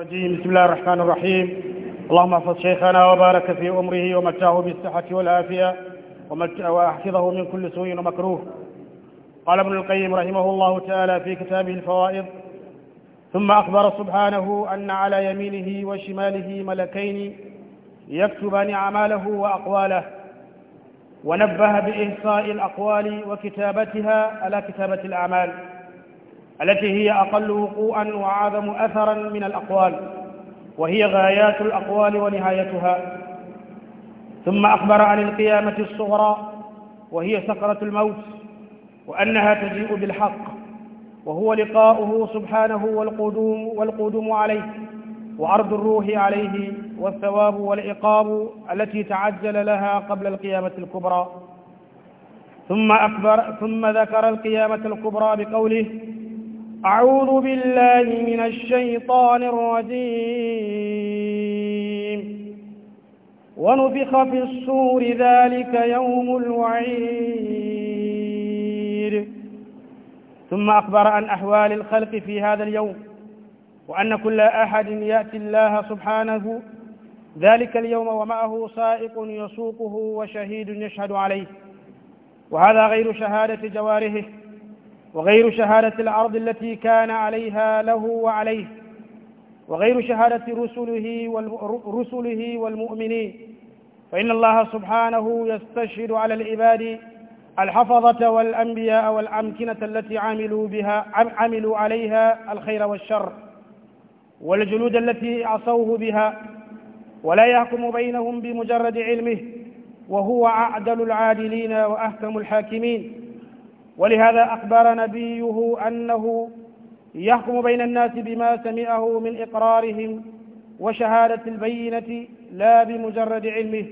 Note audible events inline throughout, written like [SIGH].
الرجيم بسم الله الرحمن الرحيم اللهم احفظ شيخنا وبارك في أمره ومتعه بالصحة والعافية وأحفظه من كل سوء ومكروه قال ابن القيم رحمه الله تعالى في كتابه الفوائض ثم أخبر سبحانه أن على يمينه وشماله ملكين يكتبان أعماله وأقواله ونبه بإحصاء الأقوال وكتابتها على كتابة الأعمال التي هي أقل وقوعا وعظم أثرا من الأقوال وهي غايات الأقوال ونهايتها ثم أخبر عن القيامة الصغرى وهي سقرة الموت وأنها تجيء بالحق وهو لقاؤه سبحانه والقدوم, والقدوم عليه وعرض الروح عليه والثواب والعقاب التي تعجل لها قبل القيامة الكبرى ثم أكبر ثم ذكر القيامة الكبرى بقوله أعوذ بالله من الشيطان الرجيم ونفخ في الصور ذلك يوم الوعيد ثم أخبر عن أحوال الخلق في هذا اليوم وأن كل أحد يأتي الله سبحانه ذلك اليوم ومعه سائق يسوقه وشهيد يشهد عليه وهذا غير شهادة جواره وغير شهادة الأرض التي كان عليها له وعليه وغير شهادة رسله رسله والمؤمنين فإن الله سبحانه يستشهد على العباد الحفظة والأنبياء والأمكنة التي عملوا بها عملوا عليها الخير والشر والجلود التي عصوه بها ولا يحكم بينهم بمجرد علمه وهو أعدل العادلين وأحكم الحاكمين ولهذا أخبر نبيه أنه يحكم بين الناس بما سمعه من إقرارهم وشهادة البينة لا بمجرد علمه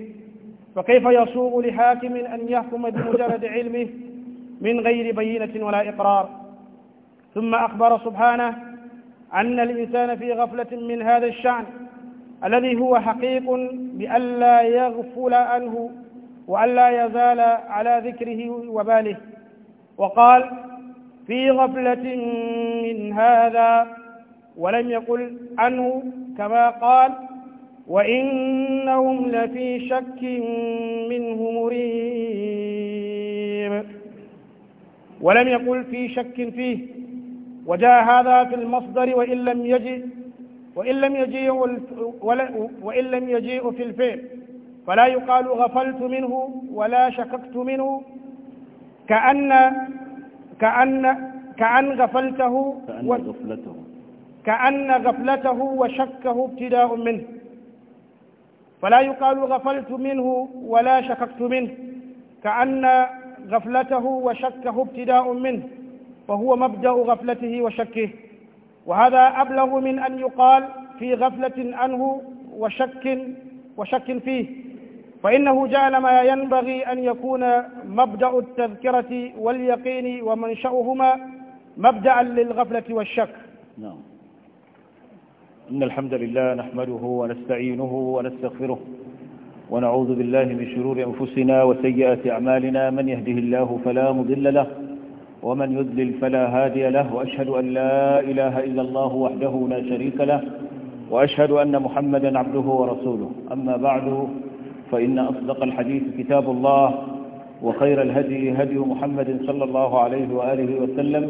فكيف يسوغ لحاكم أن يحكم بمجرد علمه من غير بينة ولا إقرار ثم أخبر سبحانه أن الإنسان في غفلة من هذا الشأن الذي هو حقيق بألا يغفل عنه وألا يزال على ذكره وباله وقال في غفلة من هذا ولم يقل عنه كما قال وإنهم لفي شك منه مريب ولم يقل في شك فيه وجاء هذا في المصدر وإن لم يجئ وإن لم يجيء وإن لم يجيء في الفعل فلا يقال غفلت منه ولا شككت منه كأن كأن كأن غفلته كأن و... غفلته كأن غفلته وشكه ابتداء منه فلا يقال غفلت منه ولا شككت منه كأن غفلته وشكه ابتداء منه فهو مبدأ غفلته وشكه وهذا أبلغ من أن يقال في غفلة عنه وشك وشك فيه فإنه جعل ما ينبغي أن يكون مبدأ التذكرة واليقين ومنشأهما مبدأ للغفلة والشك نعم إن الحمد لله نحمده ونستعينه ونستغفره ونعوذ بالله من شرور أنفسنا وسيئات أعمالنا من يهده الله فلا مضل له ومن يذلل فلا هادي له وأشهد أن لا إله إلا الله وحده لا شريك له وأشهد أن محمدا عبده ورسوله أما بعد فإن أصدق الحديث كتاب الله وخير الهدي هدي محمد صلى الله عليه وآله وسلم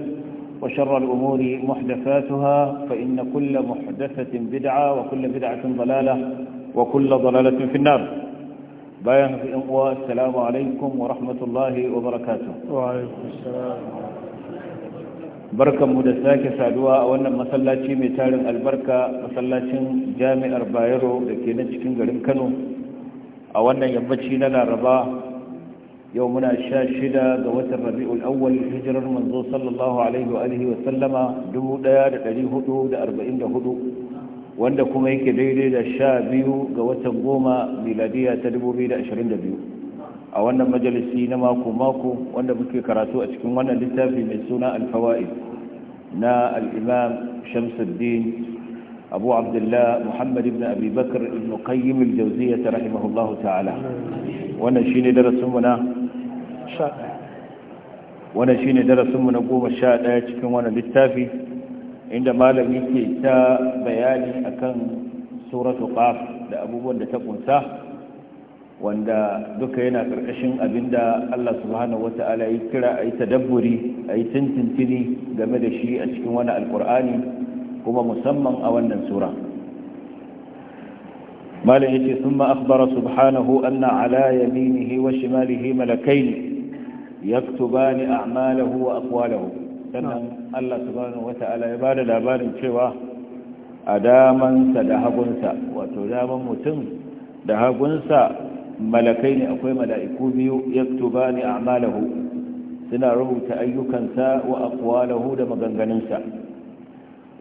وشر الأمور محدثاتها فإن كل محدثة بدعة وكل بدعة ضلالة وكل ضلالة في النار بايان في أموة السلام عليكم ورحمة الله وبركاته وعليكم السلام بركة مدساك او وانا مسلاتي ميتال البركة مسلاتي جامع البايرو لكي نجكين غريم كانوا a wannan yammaci na laraba yau muna sha shida ga watan rabi'ul awwal hijirar manzo sallallahu alaihi wa alihi wa sallama 1444 wanda kuma yake daidai da sha biyu ga watan goma miladiya ta 2022 a wannan majalisi na mako-mako wanda muke karatu a cikin wannan littafi mai suna alfawa'id na al'imam shamsuddin أبو عبد الله محمد بن أبي بكر بن قيم الجوزية رحمه الله تعالى ونشيني درسمنا ونشيني درسمنا قوم الشاء كمان للتافي عندما لم يكي تا بياني أكن سورة قاف لأبو وند تكون ساه wanda duka yana ƙarƙashin abin da Allah subhanahu wata'ala ya kira a yi tadabburi a yi tintintini game da shi a cikin wani alƙur'ani kuma musamman a wannan sura malam yace thumma akhbara subhanahu anna ala yaminihi wa shimalihi malakaini yaktubani a'malahu wa aqwalahu sannan Allah subhanahu wata'ala ya bada labarin cewa a damansa da hagunsa wato daman mutum da hagunsa malakai ne akwai mala'iku biyu yaktubani a'malahu suna rubuta ayyukansa wa aqwalahu da maganganunsa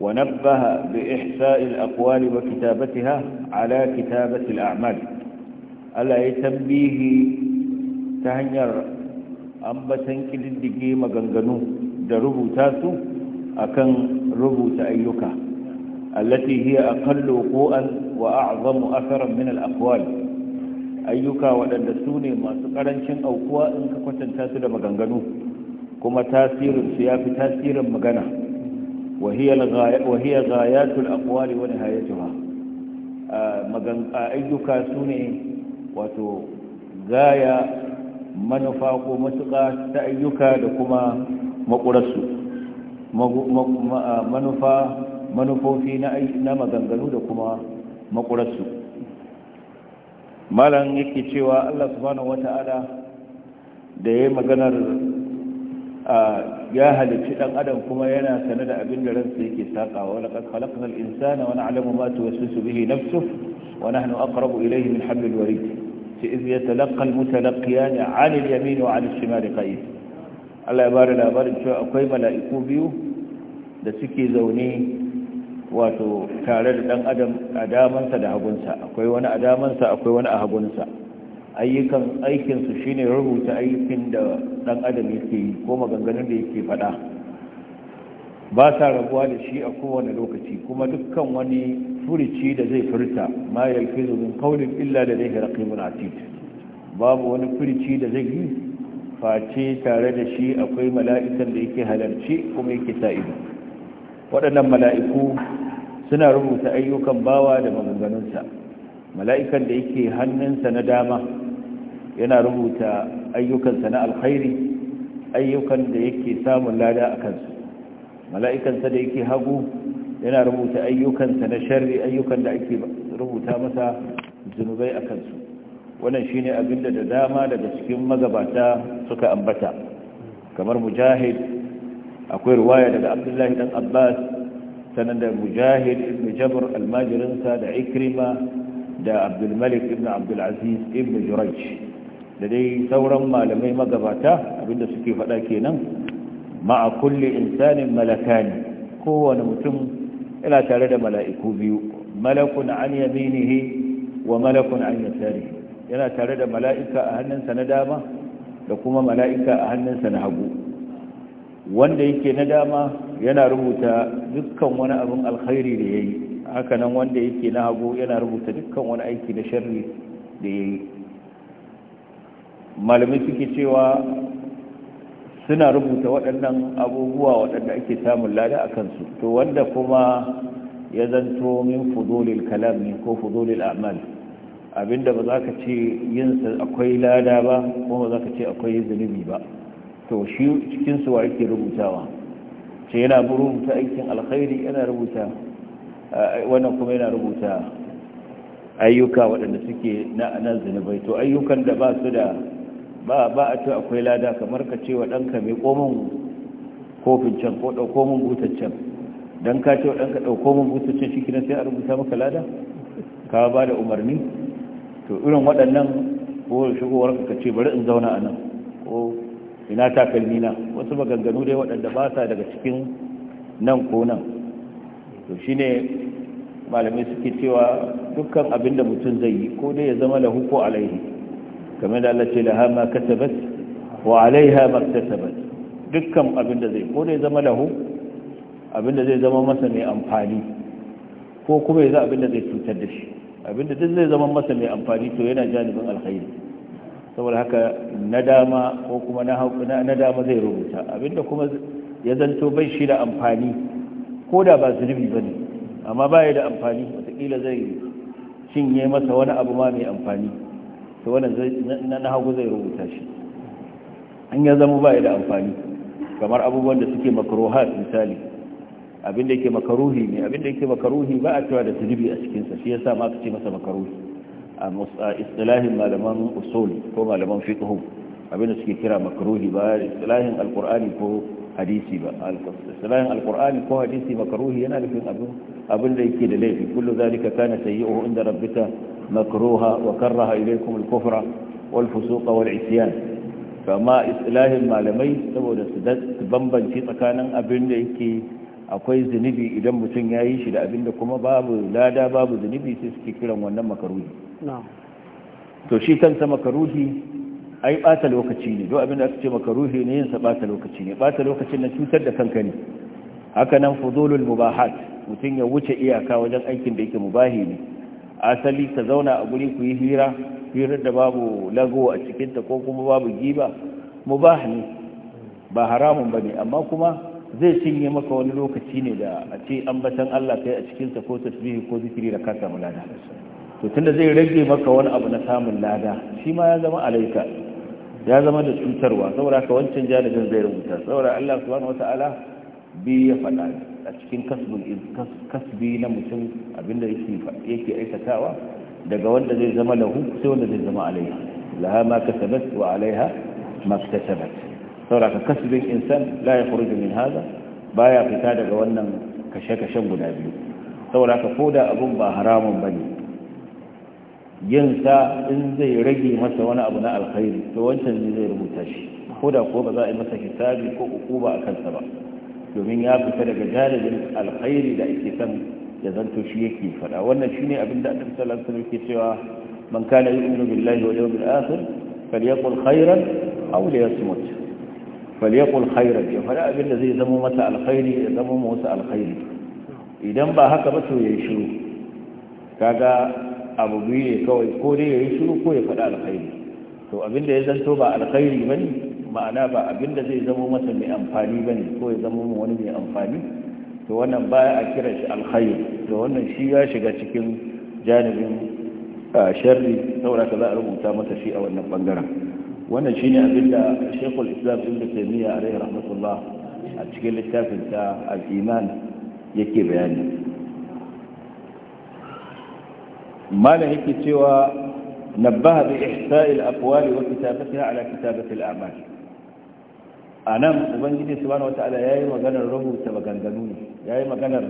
ونبه بإحساء الأقوال وكتابتها على كتابة الأعمال ألا يتنبيه تهنير أنبتن كلدقي مغنغنو دربو تاسو أكن ربو تأيكا التي هي أقل وقوءا وأعظم أثرا من الأقوال أيكا ودندسوني ما سقرنشن أو قوى إنك كنت تاسو لمغنغنو كما تاثير سيافي تاثير مغنغنو وهي الغاية A غايات الأقوال ونهايتها wato gaya وتو غاية منفاق متقى تأيك لكما مقرسو منفا manufofi na maganganu da kuma makurarsu malam yake cewa allah wata ala da ya maganar ya halicci dan adam kuma yana sanar da abin da ransa yake sakawa wala qad khalaqna al-insana wa na'lamu ma tuwaswisu bihi nafsuhu wa nahnu aqrabu ilayhi min hablil warid fa idh yatalaqa al-mutalaqiyan 'ala al-yamin wa 'ala al-shimal qa'id Allah ya bada labarin cewa akwai mala'iku biyu da suke zaune wato tare da dan adam a damansa da hagunsa akwai wani a damansa akwai wani a hagunsa ayyukan aikinsu shine rubuta aikin da dan adam yake yi ko maganganun da yake faɗa ba sa rabuwa da shi a kowane lokaci kuma dukkan wani furici da zai furta ma yalfizu min kaunin illa da zai raqibun atid babu wani furici da zai yi face tare da shi akwai mala'ikan da yake halarci kuma yake sa ido waɗannan mala'iku suna rubuta ayyukan bawa da maganganunsa mala'ikan da yake hannunsa na dama yana rubuta ayyukansa na alkhairi ayyukan da yake samun lada a kansu mala'ikansa da yake hagu yana rubuta ayyukansa na sharri ayyukan da ake rubuta masa zunubai a kansu wannan shine abinda da dama daga cikin magabata suka ambata kamar mujahid akwai ruwaya daga abdullahi dan abbas sanan da mujahid ibn jabr almajirinsa da ikrima da abdulmalik ibn abdulaziz ibn juraj da dai sauran malamai magabata abinda suke faɗa kenan ma'a kulli insanin malakani kowane mutum yana tare da mala'iku biyu malakun an yaminihi wa malakun an yasarihi yana tare da mala'ika a hannunsa na dama da kuma mala'ika a hannunsa na hagu wanda yake na dama yana rubuta dukkan wani abin alkhairi da ya yi hakanan wanda yake na hagu yana rubuta dukkan wani aiki na sharri da ya yi malamai suke cewa suna rubuta waɗannan abubuwa waɗanda ake samun lada a kansu to wanda kuma ya zanto min fudulil kalam ne ko fudulil amal abinda ba za ka ce yinsa akwai lada ba ko ba za ka ce akwai zunubi ba to shi cikinsu wa yake rubutawa ce yana rubuta aikin alkhairi yana rubuta wannan kuma yana rubuta ayyuka waɗanda suke na zunubai to ayyukan da ba su da ba ba a ce akwai lada kamar ka ce wa ɗanka mai komin kofin can ko ɗauko mun butaccen don ka ce wa ɗanka ɗauko mun butaccen shi kina sai a rubuta maka lada ka ba da umarni to irin waɗannan ko shigowar ka ce bari in zauna a nan ko ina takalmi na wasu maganganu dai waɗanda ba sa daga cikin nan ko nan to shine malamai suke cewa dukkan abin da mutum zai yi ko dai ya zama lahu ko alaihi kamar da Allah ce da laha ma kasabat wa alaiha ma kasabat dukkan abin da zai ko dai zama lahu abin da zai zama masa mai amfani ko kuma yanzu abin da zai cutar da shi abin da duk zai zama masa mai amfani to yana janibin alkhairi saboda haka na dama ko kuma na zai rubuta abin da kuma ya zanto bai shi da amfani ko da ba zunubi ba ne amma ba da amfani watakila zai cinye masa wani abu ma mai amfani to wannan na hagu zai rubuta shi an ya zama ba da amfani kamar abubuwan da suke makaruhat misali abin da yake makaruhi ne abin da yake makaruhi ba a cewa da sujubi a cikinsa shi yasa ma aka ce masa makaruhi a istilahin malaman usul ko malaman fiqhu abin da suke kira makaruhi ba istilahin alqur'ani ko hadisi ba istilahin alqur'ani ko hadisi makaruhi yana nufin abin abin da yake da laifi kullu zalika kana sayyi'u inda rabbika مكروها وكره إليكم الكفر والفسوق والعصيان فما إصلاح المعلمين سبب بمبن في تكانا أبن لكي akwai zunubi idan mutum ya yi shi da abinda kuma babu lada babu zunubi sai suke kiran wannan makaruhi to shi kansa makaruhi ai bata lokaci ne do abinda aka ce makaruhi ne yin bata lokaci ne bata lokacin na cutar da kanka hakanan haka mubahat mutum ya wuce iyaka wajen aikin da yake mubahi ne asali ka zauna a guri ku yi hira hirar da babu lago a cikinta ko kuma babu giba ba ne ba haramun ba ne amma kuma zai cinye maka wani lokaci ne da a ce ambatan Allah kai a cikinsa ko tasbihi ko zikiri da ka samu lada to tunda zai rage maka wani abu na samun lada shi ma ya zama alaika ya zama da cutarwa saboda ka wancan janibin zai rubuta saboda Allah subhanahu wata'ala bi ya faɗa a cikin kasbi na mutum abinda yake aikatawa daga wanda zai zama lahu sai wanda zai zama alaiha laha ma kasabat wa alaiha ma kasabat sauraka kasbin insan la ya kuru min haza baya fita daga wannan kashe-kashen guda biyu sauraka ko da abun ba haramun ba ne yin sa in zai rage masa wani abu na alkhairi to wancan ne zai rubuta shi Koda kuwa ko ba za a yi masa hisabi ko hukuma a kansa ba domin ya fita daga janibin alkhairi da ake san ya zanto shi yake faɗa wannan shine abin da annabi sallallahu alaihi wasallam yake cewa man kana yu'minu billahi wal yawmil akhir falyaqul khairan aw liyasmut falyaqul khairan ya faɗa abin da zai zama masa alkhairi ya zama masa alkhairi idan ba haka ba to yayi shiru kaga abu biyu ne kawai ko dai yayi shiru ko ya faɗa alkhairi to abin da ya zanto ba alkhairi bane ma'ana ba abin da zai zama masa mai amfani ba ne ko ya zama wani mai amfani to wannan baya a kira shi alkhair to wannan shi ya shiga cikin janibin sharri saboda ka za a rubuta masa shi a wannan bangaren wannan shine abin da shekul islam taimiyya a rai rahmatullah a cikin littafin ta al yake bayani malam yake cewa نبه بإحساء الأقوال وكتابتها على كتابة الأعمال a nan ubangiji bane wataala ya yi maganar rubuta maganganu ne ya yi maganar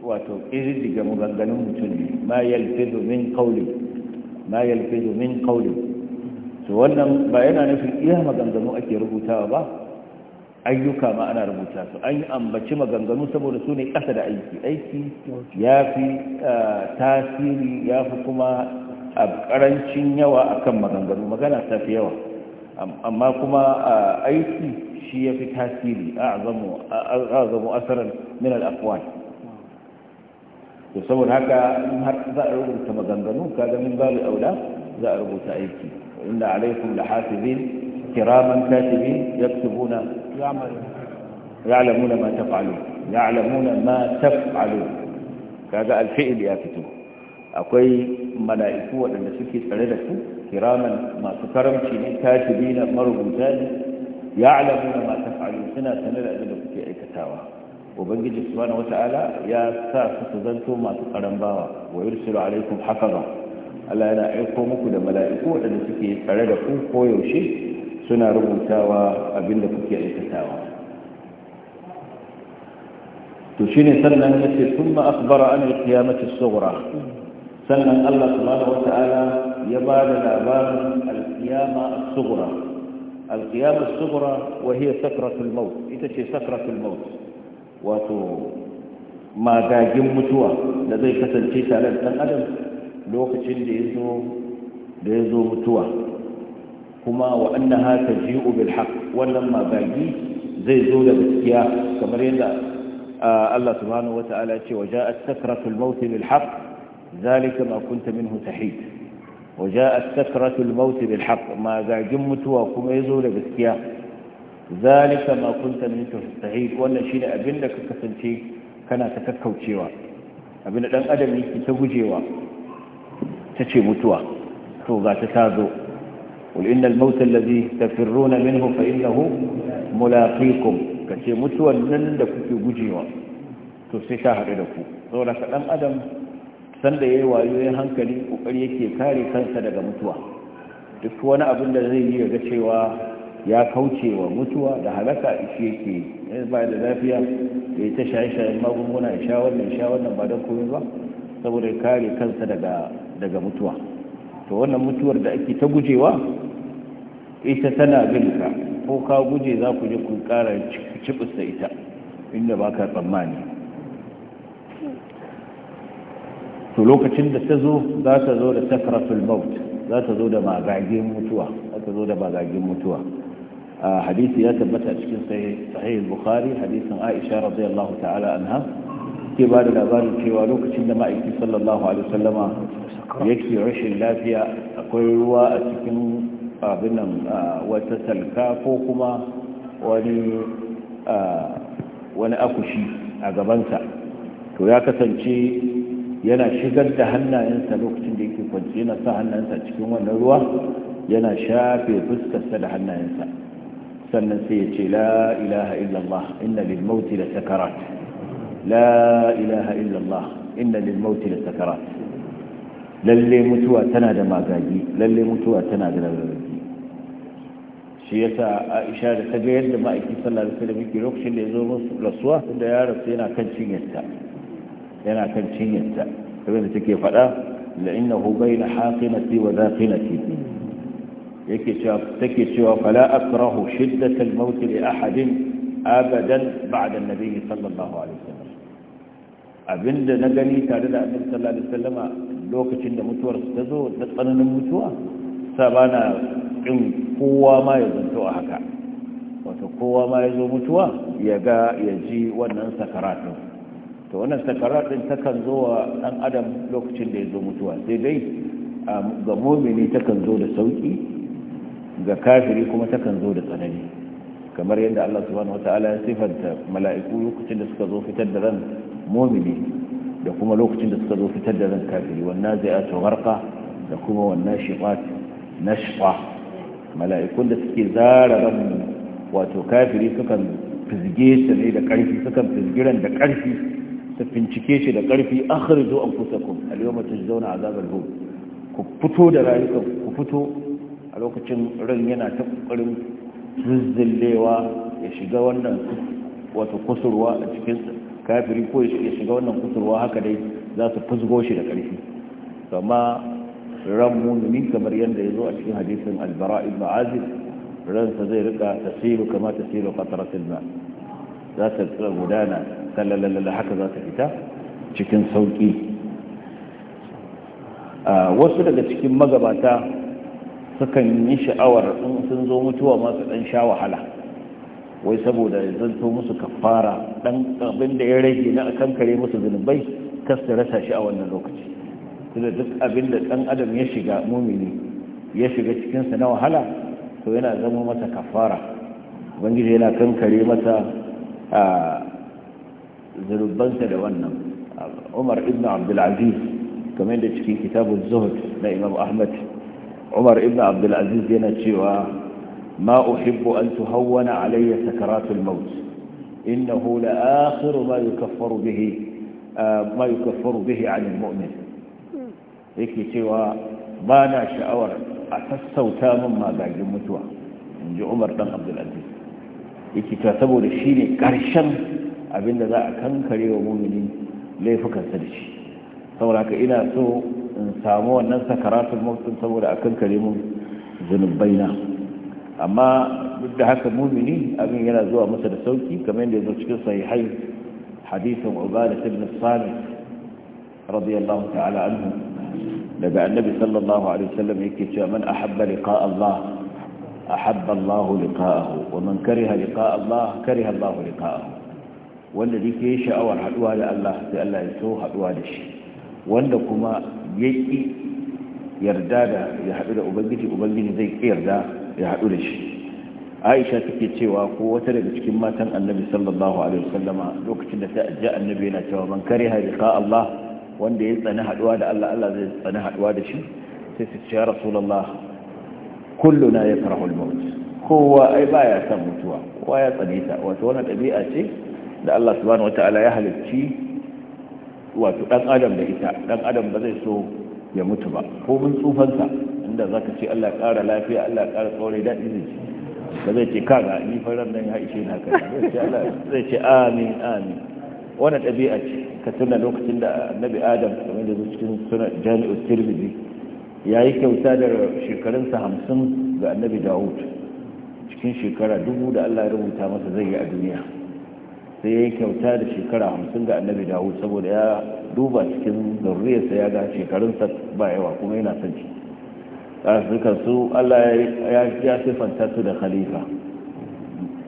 wato daga maganganun mutum ne ma yalfizu domin kauli ma yalfizu domin kauli su wannan ba yana nufin iya maganganu ake rubutawa ba ayyuka ma ana rubuta su an yi ambaci maganganu saboda su ne ƙasa da aiki aiki ya fi tasiri ya fi kuma a ƙarancin yawa akan maganganu magana ta fi yawa amma kuma aiki شيء في كاسيلي أعظم, أعظم أثرا من الأقوال تصور هكذا كما ذنبنوا كذا من باب أولا ذا أربو تأيكي وإن عليكم لحافظين كراما كاتبين يكتبون يعلمون ما تفعلون يعلمون ما تفعلون كذا الفئل يكتب أقول ملائكوة أن سكت عليك كراما ما تكرمتني كاتبين مربو تأيكي ya'lamuna ma taf'alun suna sanar da abin da kuke aikatawa ubangiji subhanahu wata'ala ya sa su su zanto masu karan bawa wa yursilu alaikum hafaza Allah yana aiko muku da mala'iku waɗanda suke tsare da ku ko yaushe suna rubutawa abin da kuke aikatawa to shine sannan yace kuma akhbara an qiyamati sughra sannan Allah subhanahu wata'ala ya ba da labarin al-qiyama as-sughra القيامة الصغرى وهي سكرة الموت إتشي سكرة الموت واتو ما داجم متوى لذي كسل شيء على الآن أدم لوقت ليزو ليزو متوى كما وأنها تجيء بالحق ولما باقي زي زولة بالسياح كما آه الله سبحانه وتعالى وجاءت سكرة الموت بالحق ذلك ما كنت منه تحيد وجاءت سكرة الموت بالحق ما جمت وكما يزول بسكيا ذلك ما كنت منك تستحيل وانا شين أبن لك كسنتي كان تككو تشيوا أبن لن أدم يكي تبجيوا تشي متوا توغا تتاذو قل إن الموت الذي تفرون منه فإنه ملاقيكم كشي متوا لن لك تبجيوا تسيشاهر لكم ذولك لن أدم sanda yayi wayoyin hankali kokari yake kare kansa daga mutuwa duk wani abin da zai yi ga cewa ya kauce wa mutuwa da halaka shi yake yanzu eh, ba da lafiya ya ta shaye-shayen magunguna ya sha wannan sha wannan ba don komai ba saboda kare kansa daga daga mutuwa to wannan mutuwar da ake ta gujewa ita tana bin ka ko ka guje za ku je ku kara cibis da ita inda ba ka tsammani to lokacin da ta zo za ta zo da sakaratul maut za ta zo da magagen mutuwa za ta zo da magagen mutuwa hadisi ya tabbata a cikin sahih bukhari hadisin aisha radiyallahu ta'ala anha ke ba da labarin cewa lokacin da ma'aiki sallallahu alaihi wasallama yake rashin lafiya akwai ruwa a cikin abin wata salka ko kuma wani wani akushi a gabansa to ya kasance yana shigar da hannayensa lokacin da yake kwanci yana sa hannayensa cikin wannan ruwa yana shafe fuskarsa da hannayensa sannan sai ya ce la ilaha illallah inna lil mauti la sakarat la ilaha illallah inna lil mauti la sakarat lalle mutuwa tana da magagi lalle mutuwa tana da rarrabi shi yasa Aisha da ta ga yadda ma'aiki sallallahu alaihi wasallam yake lokacin da ya zo rasuwa da ya rasu yana kan cinyarta yana kan cinyarta kamar da take faɗa la'innahu bayna haqinati wa zaqinati cewa take cewa fala akrahu shiddat al-maut li ahadin abadan ba'da nabi sallallahu alaihi wasallam abinda na gani tare da annabi sallallahu alaihi wasallama lokacin da mutuwar ta zo da tsananin mutuwa sa bana kin kowa ma ya zanto a haka wato kowa ma ya zo mutuwa ya ga ya ji wannan sakaratun to wannan sakarar din takan zo wa dan adam lokacin da ya zo mutuwa sai dai ga mumini takan zo da sauki ga kafiri kuma takan zo da tsanani kamar yadda Allah subhanahu wataala ya sifanta mala'iku lokacin da suka zo fitar da ran mumini da kuma lokacin da suka zo fitar da ran kafiri wannan zai ato warqa da kuma wannan shiqat nashqa mala'ikun da suke zara ran wato kafiri sukan fizge su ne da karfi sukan fizgiran da karfi ta bincike shi da ƙarfi an harjo an kusa kun a lokacin zauna a zagar hu ku fito da rayuka ku fito a lokacin ran yana ta ƙoƙarin zuzzullewa ya shiga wannan wata kusurwa a cikin kafiri ko ya shiga wannan kusurwa haka dai za su fusgo shi da ƙarfi amma ran mumini kamar yadda ya zo a cikin hadisin albara ibn azib ransa zai rika tasiru kama tasiru qatrat al za ta gudana lalalala haka za ta fita cikin sauƙi wasu daga cikin magabata sukan yi sha'awar in sun zo mutuwa masu ɗan sha wahala wai saboda ya zanto musu kafara ɗan abin da ya rage na kare musu zunubai da rasa shi a wannan lokaci tunda duk abin da ɗan adam ya shiga mumini ya shiga cikinsa na wahala to yana zama mata kafara ubangiji yana kankare mata zunubansa da wannan umar ibn abdulaziz kamar da cikin kitabun zuhud na imam ahmad umar ibn abdulaziz yana cewa ma uhibbu an tuhawwana alayya sakaratul maut innahu la akhiru ma yukaffaru bihi ma yukaffaru bihi 'ala al-mu'min yake cewa ba na sha'awar a sassauta min magagin mutuwa in ji umar dan abdulaziz yake ta saboda shi ne ƙarshen abinda za a kankare wa mumini laifukansa da shi saboda haka ina so in samu wannan sakaratul mautin saboda a kankare mun zunubaina amma duk da haka mumini abin yana zuwa masa da sauki kamar yadda ya zo cikin sahihai hadisin ubada ibn samit radiyallahu ta'ala anhu daga annabi sallallahu alaihi wasallam yake cewa man ahabba liqa Allah ahabba Allah liqa'ahu wa man kariha liqa Allah kariha Allah liqa'ahu wanda duk ya sha'awar haɗuwa da Allah sai Allah ya so haɗuwa da shi wanda kuma ya ƙi yarda da ya haɗu da ubangiji ubangiji zai ƙi yarda ya haɗu da shi aisha take cewa ko wata daga cikin matan annabi sallallahu alaihi wasallama lokacin da ta ajiya annabi yana cewa man kare harika Allah wanda ya tsani haɗuwa da Allah Allah zai tsani haɗuwa da shi sai su ce ya rasulullah kulluna ya farahul maut kowa ai baya son mutuwa kowa ya tsani ta wato wannan ɗabi'a ce da Allah subhanahu wata'ala ya halicci wato dan adam da ita dan adam ba zai so ya mutu ba ko mun tsufansa inda zaka ce Allah ya ƙara lafiya Allah ya ƙara tsore da ba zai ce ga ni faran nan ya ishe na kai zai ce amin amin wannan ɗabi'a ce ka tuna lokacin da annabi adam kamar da cikin sunan jami'ul tirmidhi yayi kyauta da shekarunsa hamsin ga annabi dawud cikin shekara dubu da Allah ya rubuta masa zai yi a duniya sai ya yi kyauta da shekara hamsin ga annabi dawud saboda ya duba cikin zurriyarsa ya ga shekarunsa ba yawa kuma yana son shi suka su allah ya ya siffanta su da khalifa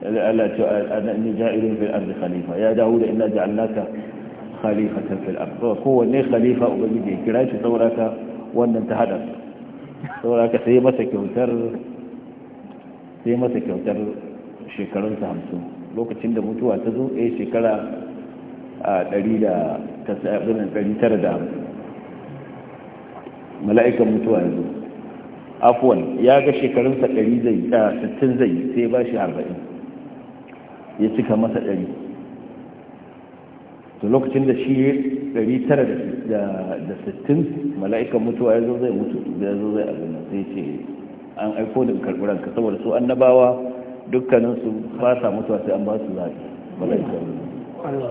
allah ce ni ja'irin fil ardi khalifa ya dawo dawud inna ja'alnaka khalifatan fil ardi kowanne khalifa ubangiji ya kira shi sauraka wannan ta hada sauraka sai masa kyautar sai masa kyautar shekarunsa hamsin lokacin da mutuwa ta zo a eh, shekara a ɗari tara da da mala'ikan mutuwa ya zo afuwan ya ga shekarunsa ɗari zai sai ba shi 40 ya cika masa ɗari to lokacin da shi ɗari tara da sittin mala'ikan mutuwa ya zo zai mutu ya zo zai abin sai ce an aiko da karɓuranka saboda su annabawa dukkaninsu ba sa mutuwa sai an ba su zaɓi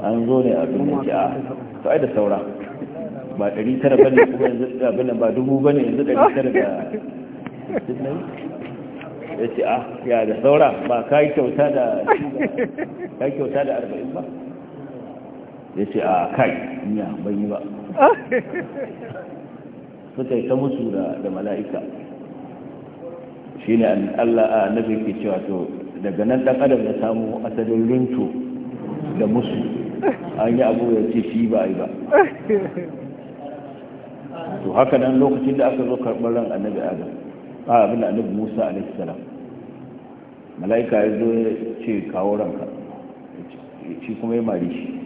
an zo ne a duniya ke a ah, to ai da saura ba 900 tara bane kuma yanzu abin ba dubu bane yanzu ɗari tara da ya ce ah ya da saura ba ka yi kyauta da kyauta da arba'in ba ya ce ah, a kai ya ban yi ba suka yi ta musu da mala'ika shi ne allah a nabi ke cewa to daga nan dan adam ya samu asalin rinto da musu an yi abu ya ce shi ba a yi ba to haka nan lokacin da aka zo karɓar ran annabi adam a abin da annabi musa alaihi salam mala'ika ya zo ya ce kawo ranka shi kuma ya mare shi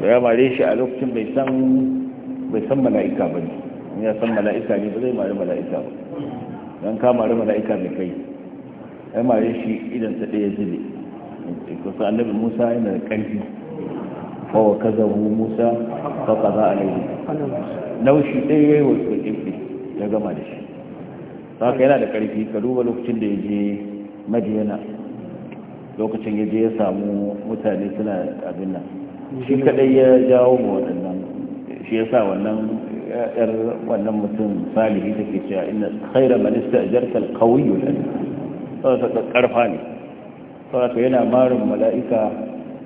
da ya mare shi a lokacin bai san bai san mala'ika ba ne ya san mala'ika ne ba zai mare mala'ika ba don ka mare mala'ika mai kai ya mare shi idan ta ɗaya zube kusa annabi musa yana da ƙarfi fawa kaza hu musa fa kaza alaihi naushi ɗaya yayi wa ƙirƙi ya gama da shi saka yana da ƙarfi ka duba lokacin da ya je madiyana lokacin ya je ya samu mutane suna abin nan shi kadai ya jawo ma waɗannan shi ya sa wannan yar wannan mutum salihi take cewa inna khayra man istajarta al-qawiyyu al sauransa ta karfa ne sauransa yana marin mala'ika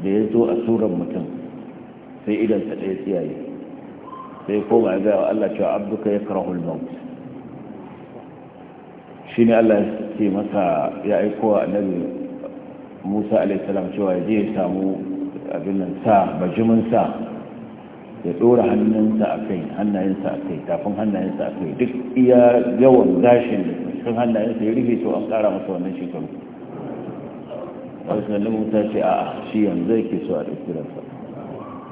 da ya zo a tsoron mutum sai idan ta ɗaya tsiyaye sai koma ya zai wa Allah cewa abduka ya karahul maut shi ne Allah ce masa ya aiko a annabi musa alaihissalam cewa ya je ya samu abin nan sa bajimin sa ya ɗora hannunsa a kai hannayensa a kai tafin hannayensa a kai duk iya yawan gashin da cikin hannayensa ya rufe to an ƙara masa wannan shekaru wasu nan ta ce a shi yanzu yake so a ɗauki sa.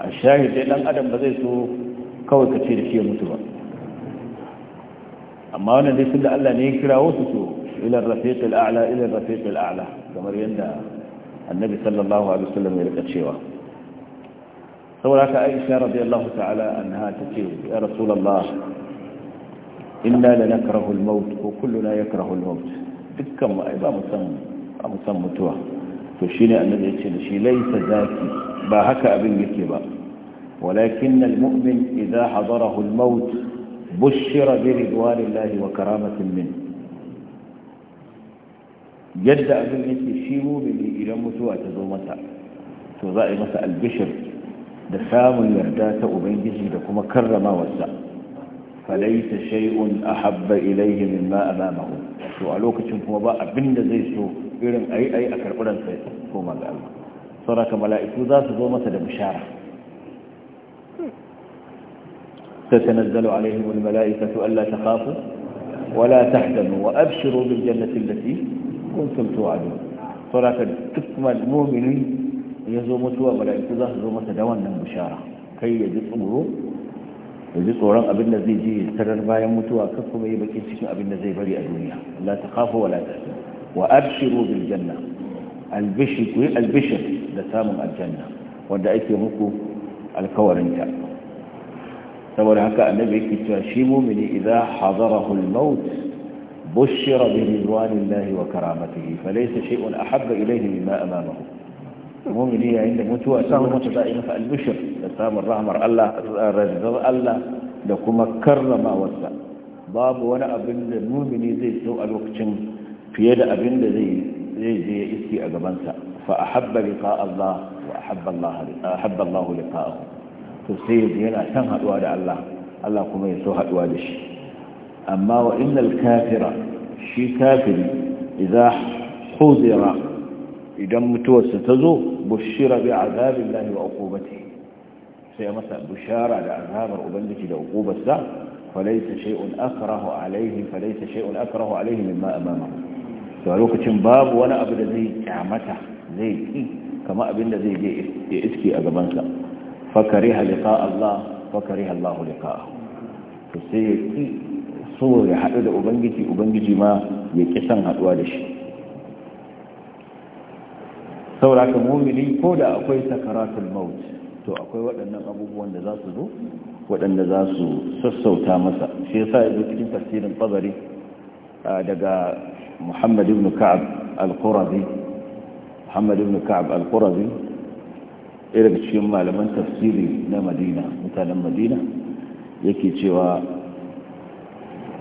a shahid dai ɗan adam ba zai so kawai ka ce da shi ya mutu ba amma wannan dai tun da Allah ne ya kira wasu to ilar rafiq al'ala ilar rafiq ala kamar yadda annabi sallallahu alaihi wasallam ya rika cewa saboda haka aisha radiyallahu ta'ala anha tace ya rasulullah إنا لنكره الموت وكلنا يكره الموت بكم أيضا مسمى مسمى توا فشيني أن الإنسان شي ليس ذاتي باهك أبن مكبا ولكن المؤمن إذا حضره الموت بشر برضوان الله وكرامة منه جد أبن مكبا شيمو بني إلى متوا تزومتا تزائي البشر بشر دسام يرداتا أبن جزي لكم كرما وسأل فليس شيء أحب إليه مما أمامه to a lokacin kuma ba بند زي zai so اي اي اكل a karɓuran فما قال ga Allah saboda mala'iku za su zo تتنزل عليهم الملائكة ألا تخافوا ولا تحزنوا وأبشروا بالجنة التي كنتم توعدون صلاة تكمل المؤمنين يزوم متوى ملائكة ظهر زومة دوانا بشارة كي يجد ya ji tsoron abin da zai je tarar bayan mutuwa kan kuma yi bakin cikin abin da zai bari a duniya la ta khafu wa la ta wa abshiru bil janna albishir ku albishir da samun aljanna wanda ake muku alkawarinta saboda haka annabi yake cewa shi mumini idza hadarahu al-maut bushira bi ridwanillahi wa karamatihi falaysa shay'un ahabba ilayhi mimma amamahu mumini yayin da mutuwa ta mutu za a yi masa albishir da samun rahmar Allah razzar Allah da kuma karramawarsa babu wani abin da mumini zai so a lokacin fiye da abin da zai je ya iski a gabansa fa ahabba liqa Allah wa ahabba Allah ahabba Allah liqa'ahu to sai yana san haduwa da Allah Allah kuma ya so haduwa da shi amma wa innal kafira shi kafiri idza huzira idan mutuwarsa ta zo bushira bi azabin lahi wa uqubati sai ya masa bushara da azabar ubangiji da uqubarsa Falaita shay'un akrahu alayhi Falaita shay'un akrahu alayhi mimma amamahu to a lokacin babu wani abu da zai kyamata zai ki kama abin da zai je iski a gabansa. sa fakariha Allah fakariha Allah liqa'ahu to sai ya ki so ya haɗu da ubangiji ubangiji ma ya ki san haɗuwa da shi saboda haka mumini ko da akwai sakaratul maut to akwai waɗannan abubuwan da za su zo waɗanda za su sassauta masa shi yasa ya zo cikin tafsirin qabari daga Muhammad ibn Ka'ab al-Qurazi Muhammad ibn Ka'ab al-Qurazi irin cikin malaman tafsiri na Madina mutanen Madina yake cewa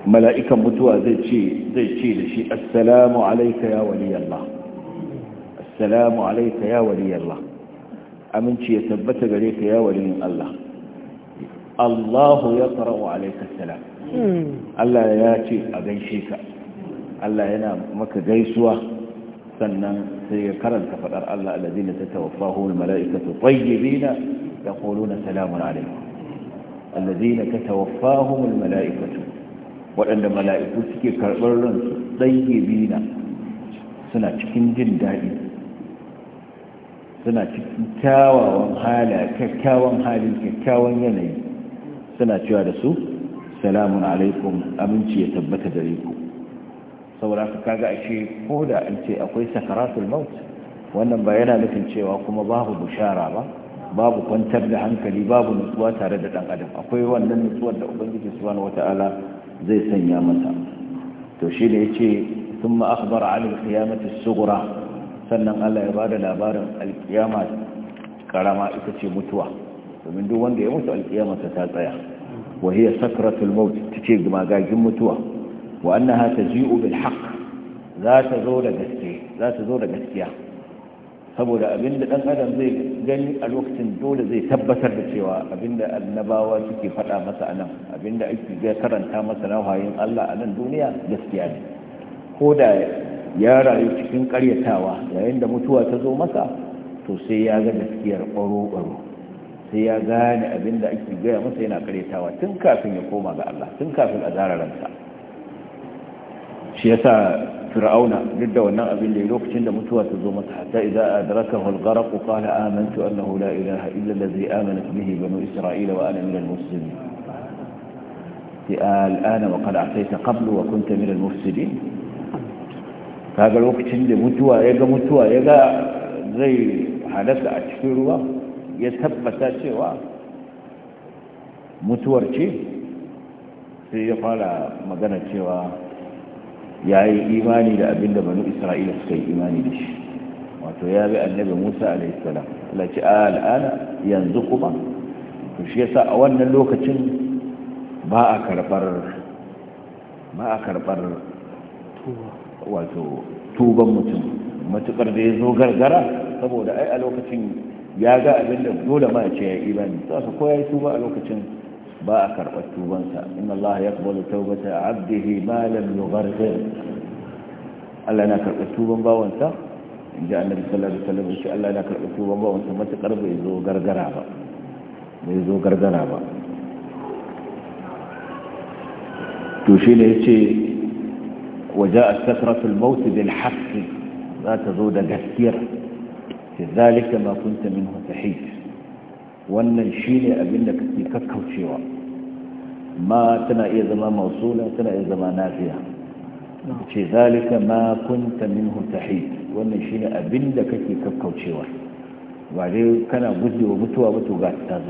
mala'ikan mutuwa zai ce da shi assalamu alaika ya waliyallah assalamu alayka ya waliyallah aminci ya tabbata gare ka ya waliyin Allah Allahu ya qara'u alayka salam Allah ya ce a gaishe ka Allah yana maka gaisuwa sannan sai ya karanta fadar Allah ta alladhina tatawaffahu almalaikatu tayyibina yaquluna salamun ta tawaffa tatawaffahum almalaikatu waɗanda mala'iku suke karɓar ransu ɗayyibina suna cikin jin daɗi suna cikin kyawawan hala kyakkyawan halin kyakkyawan yanayi suna cewa da su salamun alaikum aminci ya tabbata da ku saboda ka kaga ashe ko da an ce akwai sakaratul maut wannan ba yana nufin cewa kuma babu bushara ba babu kwantar da hankali babu nutsuwa tare da dan adam akwai wannan nutsuwar da ubangiji subhanahu wataala zai sanya mata to shi ne yace thumma akhbara 'ala al-qiyamati as-sughra sannan Allah ya bada labarin alkiyama karama ita ce mutuwa domin duk wanda ya mutu alkiyamarsa ta tsaya wa hiya sakratul maut ce magagin mutuwa wa annaha taji'u bil haqq za ta zo da gaske za ta zo da gaskiya saboda abinda dan adam zai gani a lokacin dole zai tabbatar da cewa abinda annabawa suke faɗa masa a nan abinda ake ga karanta masa nawayin Allah a nan duniya gaskiya ne ko da ya rayu cikin karyatawa yayin da mutuwa ta zo masa to sai ya ga gaskiyar ƙoro-ƙoro sai ya gane abin da ake gaya masa yana karyatawa tun kafin ya koma ga Allah tun kafin a zara ransa shi yasa fir'auna duk da wannan abin da lokacin da mutuwa ta zo masa hatta idza adrakahu al-gharq qala amantu annahu la ilaha illa allazi amanat bihi banu isra'ila wa ana min al-muslimin الآن وقد عصيت قبل وكنت من mufsidin kaga lokacin da mutuwa ya ga mutuwa ya ga zai halaka a cikin ruwa ya tabbata cewa mutuwar ce sai ya fara magana cewa ya yi imani da abin da banu isra'ila suka yi imani da shi wato ya bi annabi musa alaihissalam ala ce al'ana yanzu kuma to shi yasa a wannan lokacin ba a karbar ba wato tuban mutum matukar da ya zo gargara saboda ai a lokacin ya ga abin da dole ma ya ce ya yi bani za su koya yi tuba a lokacin ba a karɓar tubansa inna Allah ya da taubata abdihi ma lam yughargir Allah na karɓar tuban bawansa in ji annabi sallallahu alaihi wasallam shi Allah na karɓar tuban bawansa matukar bai zo gargara ba bai zo gargara ba to shi ne yace وجاءت كثرة الموت بالحق لا تزود كثيرا في ذلك ما كنت منه تحيش وان الشيل ابنك في كتكو شوا ما تنا اذا زمان موصوله تنا اذا زمان نافيه في ذلك ما كنت منه تحيد وان الشيل ابنك في كتكو شوا إيه إيه نعم. وعليه كان بدي ومتوى متوى غاتتا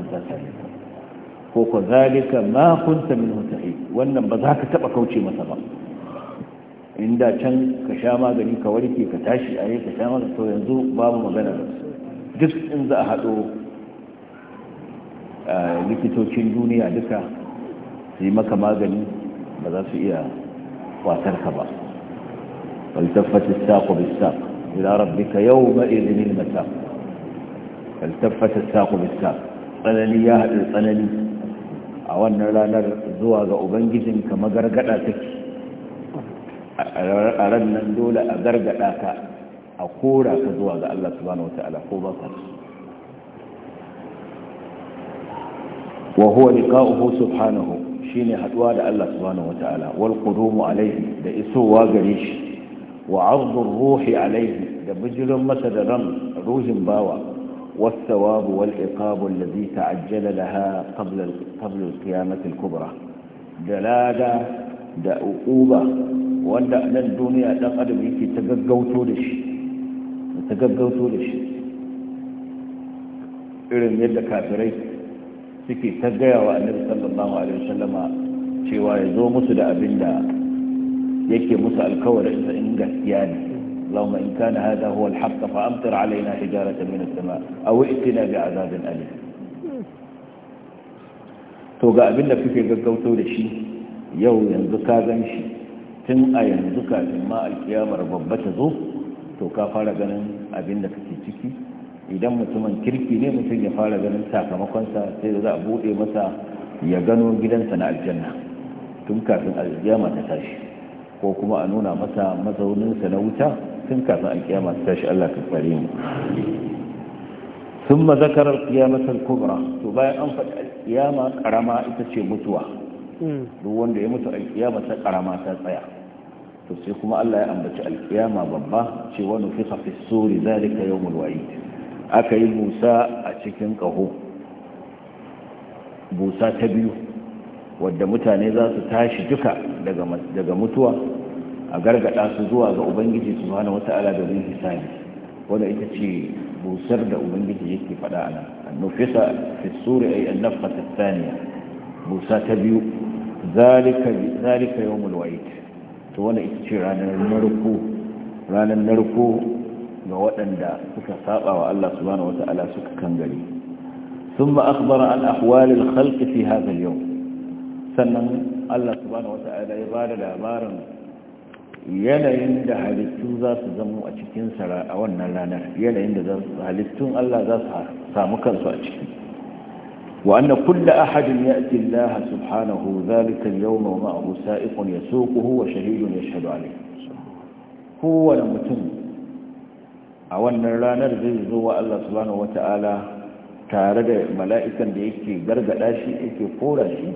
فوق ذلك ما كنت منه تحيد وان بذاك تبقى كوشي مثلا inda can ka sha magani ka warke ka tashi a ka sha magani to yanzu babu magana duk in za a haɗo likitocin duniya duka su yi maka magani ba za su iya kwatar ka ba فالتفت الساق بالساق إلى ربك mata. المساق فالتفت الساق بالساق tsanani ya haɗu tsanani a wannan ranar zuwa ga ubangijinka magargada take a ran dole a gargada ka a kora ka zuwa ga Allah subhanahu wata'ala ko ba ka wa huwa liqa'uhu subhanahu shine haduwa da Allah subhanahu wata'ala wal qudumu alayhi da isowa gare shi wa 'ardu ruhi alayhi da bijirin masa da ran ruhin bawa والثواب والعقاب الذي تعجل لها قبل قبل القيامة الكبرى دلالة دعوبة wanda a nan duniya dan adam yake ta gaggauto da shi ta gaggauto da shi irin yadda kafirai suke ta gaya wa annabi sallallahu alaihi wasallama cewa ya zo musu da abin da yake musu alkawarin sa in gaskiya ne اللهم إن كان هذا هو الحق فأمطر علينا حجارة من السماء أو ائتنا بعذاب أليم to ga abin da kuke gaggauto da shi yau yanzu ka gan tun a yanzu kafin ma alkiyamar babba ta zo to ka fara ganin abin da kake ciki idan mutumin kirki ne mutum ya fara ganin sakamakonsa sai za a buɗe masa ya gano gidansa na aljanna tun kafin alkiyama ta tashi ko kuma a nuna masa mazauninsa na wuta tun kafin alkiyama ta tashi Allah ka tsare mu Sun ثم to bayan an faɗi أن ƙarama ita ce mutuwa. Mm. duk wanda ya mutu alkiyama ta karama ta tsaya to sai kuma Allah ya ambaci alkiyama babba ce wani nufiqa fi suri zalika yawmul wa'id aka yi Musa a cikin kaho Musa ta biyu wadda mutane za su tashi duka daga mutuwa a gargada su zuwa ga ubangiji subhanahu wata'ala da zai hisabi wanda ita ce busar da ubangiji yake faɗa a nan annufisa fi suri ay annafata thaniya busa ta biyu zalika zalika yawmul wa'id to ita ce ranar narko ga waɗanda suka saba wa Allah subhanahu wata'ala suka kangare ثم أخبر عن أحوال الخلق في هذا yau, sannan Allah subhanahu ya bada labarin yanayin da halittu za su zamo a cikin sara a wannan ranar yanayin da halittun Allah za su samu kansu a ciki وأن كل أحد يأتي الله سبحانه ذلك اليوم ومعه سائق يسوقه وشهيد يشهد عليه هو المتم أولا لا نرزز الله سبحانه وتعالى تارد ملائكا ليكي برد لاشي إكي قولاشي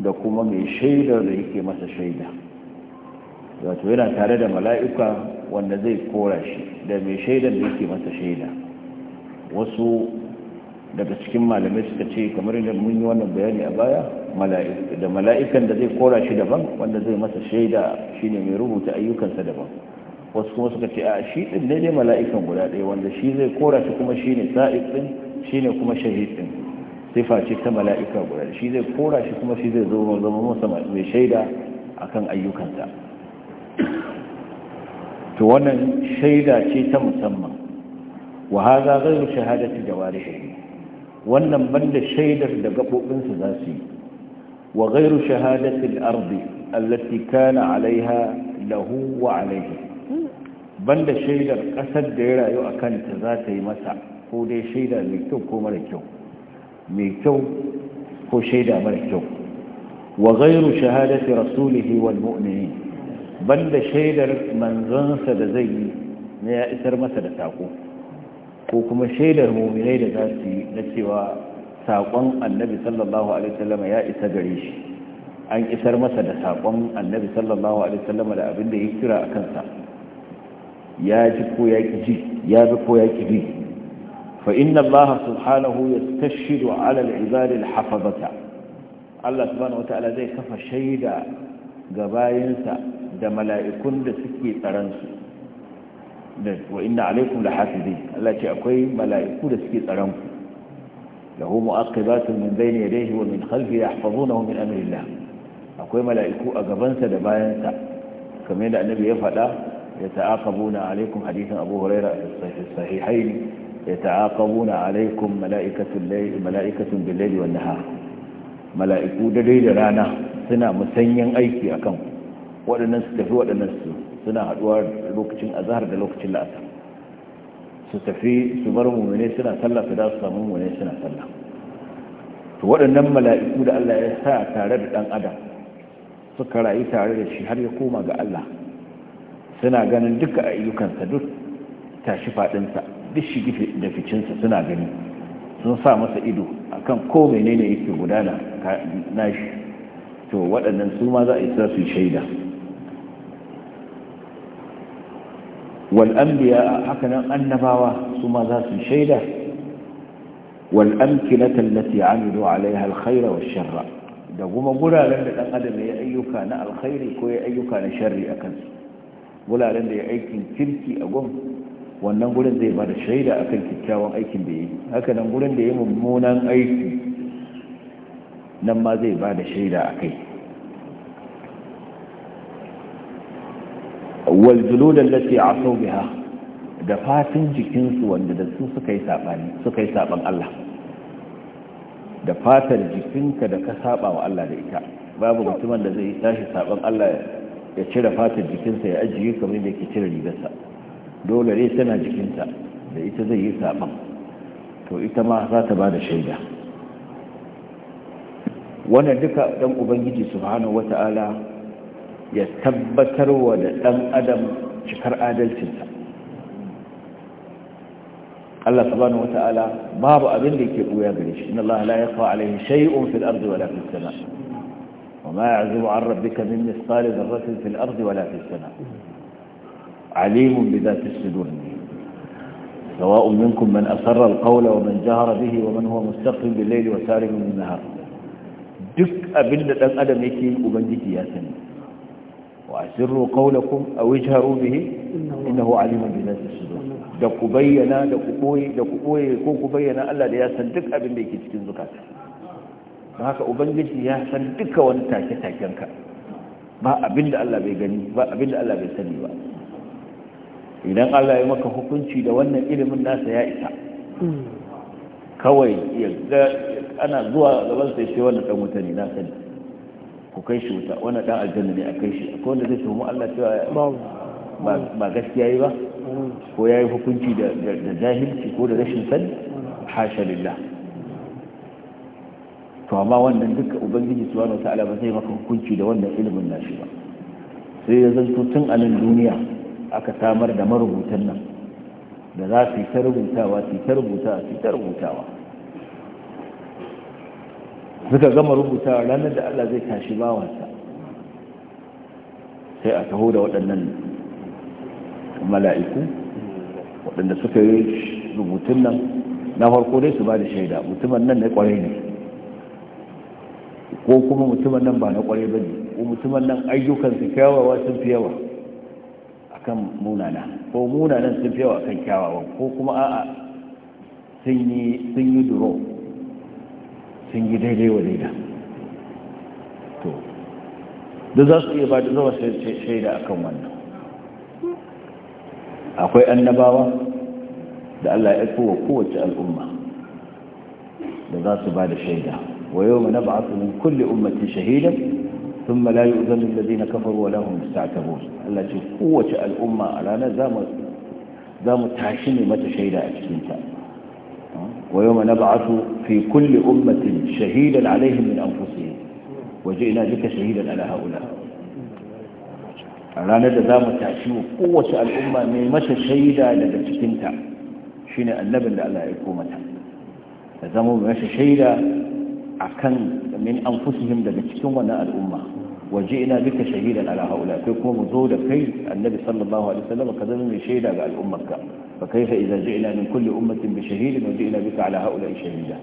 لكم من شيدا ليكي مسا شيدا وأتوينا تارد ملائكا وأن زي قولاشي لمن شيدا ليكي مسا شيدا وسوء daga cikin malamai suka ce kamar yadda mun yi wannan bayani a baya da mala'ikan da zai kora shi daban wanda zai masa shaida shine mai rubuta ayyukansa daban wasu kuma suka ce a shi din ne mala'ikan guda ɗaya wanda shi zai kora shi kuma shine sa'id shi ne kuma shahid din sifa ce ta mala'ika guda shi zai kora shi kuma shi zai zama zama masa mai shaida akan ayyukansa to wannan shaida ce ta musamman wa hadha ghayru shahadati jawarihi wannan banda shaidar da gaɓoɓinsu za su yi wa gairu shahadatul ardi allati kana alaiha lahu wa alaihi banda shaidar ƙasar da ya rayu a kanta za ta yi masa ko dai shaida mai kyau ko mara kyau mai kyau ko shaida mara kyau wa gairu shahadati rasulihi wal mu'minin banda shaidar manzansa da zai yi na ya isar masa da sako ko kuma shaidar muminai da za su yi na cewa saƙon annabi sallallahu alaihi wasallam ya isa gare shi an isar masa da saƙon annabi sallallahu alaihi wasallam da abin da ya kira a kansa ya ji ko ya ki ji ya bi ko ya ki bi fa inna Allah subhanahu yastashidu ala al-ibad Allah subhanahu Ta'ala zai kafa shaida ga bayansa da mala'ikun da suke tsaransu da wa inna alaikum Allah ce akwai mala'iku da suke tsaron ku lahu mu'aqibatun min bayni yadayhi wa min khalfihi yahfazunahu min amrillah akwai mala'iku a gabansa da bayansa kamar yadda annabi ya faɗa ya ta'aqabuna alaikum hadithan abu huraira sahihain ya ta'aqabuna alaikum mala'ikatun bil layli wan nahar mala'iku da dai da rana suna musanyen aiki akan waɗannan su tafi waɗannan su suna haduwa lokacin azhar da lokacin la'asar su tafi su bar mummune suna sallah su da su samu mummune suna sallah to waɗannan mala'iku da Allah ya sa tare da dan adam suka rayu tare da shi har ya koma ga Allah suna ganin duka ayyukansa duk tashi faɗinsa duk shigi da ficinsa suna gani sun sa masa ido akan ko menene yake gudana nashi to waɗannan su ma za a yi shaida Wal'ambiya, a hakanan annabawa su ma za su shaida wal amkinata allati amilu alaiha alkhaira wa sharra da kuma guraren da ɗan adam ya ayyuka na alkhairi ko ya ayyuka na sharri akan su guraren da ya aikin kirki a gwam wannan gurin zai bada shaida akan kyakkyawan aikin da ya yi Hakanan, gurin da ya yi mummunan aiki nan ma zai bada shaida a kai. wal julud allati asaw biha da fatin jikinsu wanda da su suka yi sabani suka yi saban Allah da fatar jikinka da ka saba wa Allah da ita babu mutumin da zai tashi saban Allah ya cire fatar jikinsa ya ajiye kamar da yake cire rigarsa dole ne tana jikinta da ita zai yi saban to ita ma za ta ba da shaida wannan duka dan ubangiji subhanahu wata'ala ya tabbatarwa da ɗan adam cikar adalcinsa Allah subhanahu wata'ala babu abin da yake buya gare shi inna Allah la yakhfa alayhi shay'un fil ardi wala fis sama wama ya'zubu 'an rabbika min mithqali dharratin fil ardi wala fis sama alimun bi dhati as-sudur bihi wa man huwa mustaqbil ومن جهر wa ومن min nahar duk abin da دك adam yake ubangiji ya sani واسروا قولكم او اجهروا به انه عليم بذات الصدور sudur da ku bayyana da ku koyi da ku koyi ko ku bayyana Allah da ya san duk abin da yake cikin zukata don haka ubangiji ya san duka wani take taken ka ba abin da Allah bai gani ba abin da Allah bai sani ba idan Allah ya maka hukunci da wannan ilimin nasa ya isa kawai ya ana zuwa gaban sai ce wannan dan mutane na sani ku kai shi wuta wannan dan aljanna ne a kai shi akwai wanda zai tuhumu Allah cewa ba gaskiya yi ba mm. ko ya yi hukunci da jahilci ko da rashin sani hasha lillah to amma wannan duka ubangiji subhanahu wataala ba zai maka hukunci da wannan ilimin nashi ba sai ya zanto tun a nan duniya aka samar da marubutan nan da za su yi ta rubutawa su yi ta rubutawa su yi ta rubutawa suka gama rubuta ranar da Allah zai tashi bawansa sai a taho da waɗannan mala'iku waɗanda suka yi rubutun nan na farko dai su ba da shaida mutumin nan na ƙwarai ne ko kuma mutumin nan ba na ƙwarai ba ne ko mutumin nan ayyukansa kyawawa sun fi yawa a kan munana ko munanan sun fi yawa a kan kyawawan ko kuma a'a sun yi duro sun yi daidai wa daida to duk za su iya ba da zuwa shaida akan wannan akwai annabawa da Allah ya kowa kowace al'umma da za su ba da shaida wa yau na ba su kulle ummatin shahida sun malayu zanen da zina kafar wa lahun mustaqabu Allah ce kowace al'umma a ranar za mu tashi ne mata shaida a cikinta ويوم نبعث في كل أمة شهيدا عليهم من أنفسهم وجئنا بك شهيدا على هؤلاء ranar da za mu tashi wa kowace al'umma mai mata shaida daga cikinta shine ne annabin da Allah ya koma ta da zama mai mata shaida a kan min an daga cikin wannan al'umma وجئنا بك شهيدا على هؤلاء كيكم مزود كي النبي صلى الله عليه وسلم قدم من شهيدا على الأمة فكيف إذا جئنا من كل أمة بشهيد وجئنا بك على هؤلاء شهيدا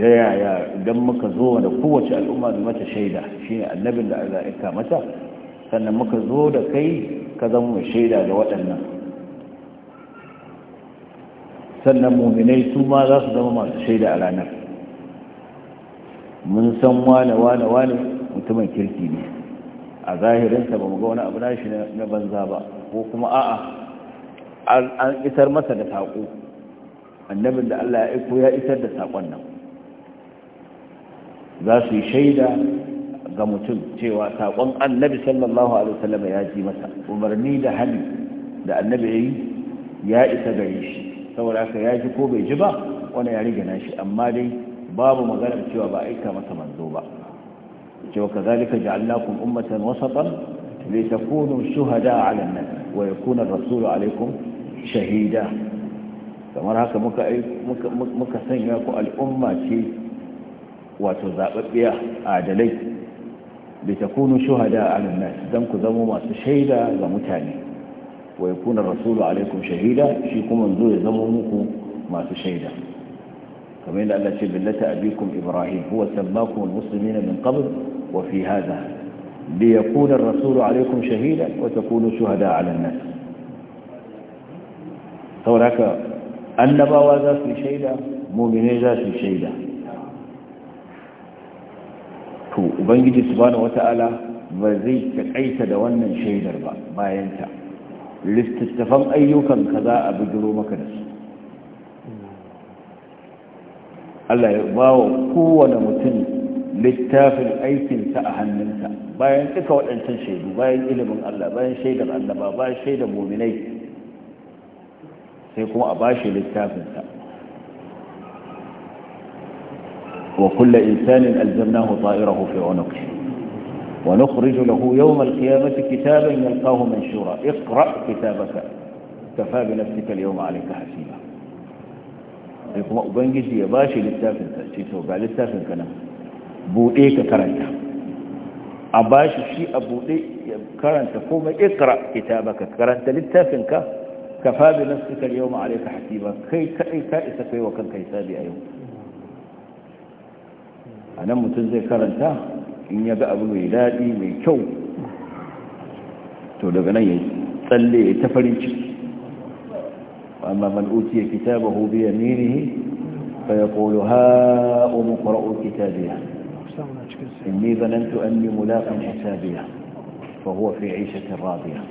يا يا دمك زود قوة الأمة بمتى شهيدا شيء النبي إذا إكامته مك زود كي قدم من شهيدا لوأنا sannan muminai su ma za su على masu من a ranar mun san mutumin kirki ne a zahirinsa ba mu ga wani abu nashi na banza ba ko kuma a'a an isar masa da saƙo annabin da Allah ya aiko ya isar da saƙon nan za su yi shaida ga mutum cewa saƙon annabi sallallahu alaihi wasallam ya ji masa umarni da hali da annabi ya yi ya isa gare shi saboda haka ya ji ko bai ji ba wani ya na nashi amma dai babu maganar cewa ba aika masa manzo ba وكذلك جعلناكم أمة وسطا لتكونوا شهداء على الناس ويكون الرسول عليكم شهيدا فمرهك مكسن يكون الأمة وتذابت بها أعدلي لتكونوا شهداء على الناس دمك ذموا ما سشهيدا ومتاني ويكون الرسول عليكم شهيدا شيكم انزوي ذموا مكم ما تشهيدا فمن الله تبلت أبيكم إبراهيم هو سماكم المسلمين من قبل وفي هذا ليكون الرسول عليكم شهيدا وتكونوا شهداء على الناس هناك النبوة ذات شهيدة مؤمنين ذات شهيدة ubangiji subhanahu wata'ala ba zai takaita da wannan shaidar ba bayanta littattafan ayyukan ka za a bijiro maka da su Allah ya ba wa kowane mutum littafin aikinsa a hannunsa bayan duka waɗancan shaidu bayan ilimin Allah bayan shaidar annaba bayan shaidar muminai sai kuma a bashi littafinsa wa kulla insanin aljamnahu ta'irahu fi unuqi wa nukhriju lahu yawm al-qiyamati kitaban yalqahu manshura iqra kitabaka kafa bi nafsika al-yawma 'alayka hasiba sai kuma ubangiji ya bashi littafinsa ce to ga littafinka nan bude ka karanta a ba shi shi a bude ya karanta ko mai ikra kitabaka karanta littafinka ka fabi nafsika yau ma alaika hasiba kai kai ka isa kai wa kanka hisabi a yau anan mutum zai karanta in ya ga abu mai dadi mai kyau to daga nan ya tsalle ya ta farin ciki amma man utiya kitabahu bi yaminihi fa yaqulu ha umqra'u kitabiya إني ظننت أني ملاق حسابية فهو في عيشة راضية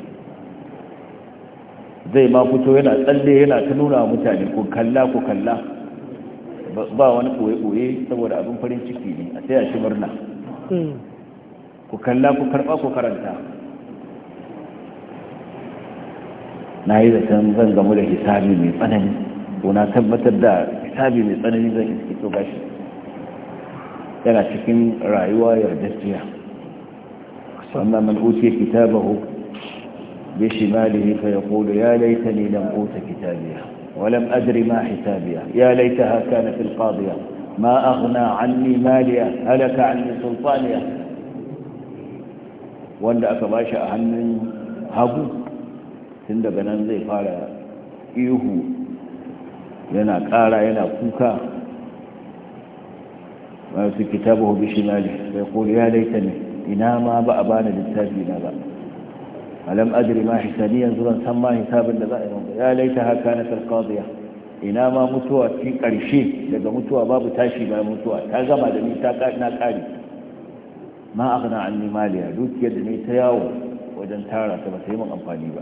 zai ma fito yana tsalle yana ta nuna mutane ko kalla ko kalla ba wani ɓoye-ɓoye saboda abin farin ciki ne a sai a shi murna ku kalla ku karɓa ku karanta na yi zaton zan gamu da hisabi mai tsanani ko na tabbatar da hisabi mai tsanani zan iske to gashi tana cikin rayuwa yardajjiya sannan man uce kitabahu bi shimalihi fa yaqulu ya laitani lam uta kitabiya wa lam adri ma hisabiya ya laitaha kanat alqadiya ma aghna anni maliya halaka anni sultaniya wanda aka bashi a hannun hagu tun daga nan zai fara ihu yana kara yana kuka masu kitabu hudu shi mali sai kuri ya laita ina ma ba a bada littafi na ba alam ajiri ma hisani yanzu ban san ma hisabin da za a yi ya laita haka na sarkaziya ina ma mutuwa fi karshe daga mutuwa babu tashi ba mutuwa ta gama da ni ta na kari ma a gana an nima liya ta yawo wajen tara ta ba sai mun amfani ba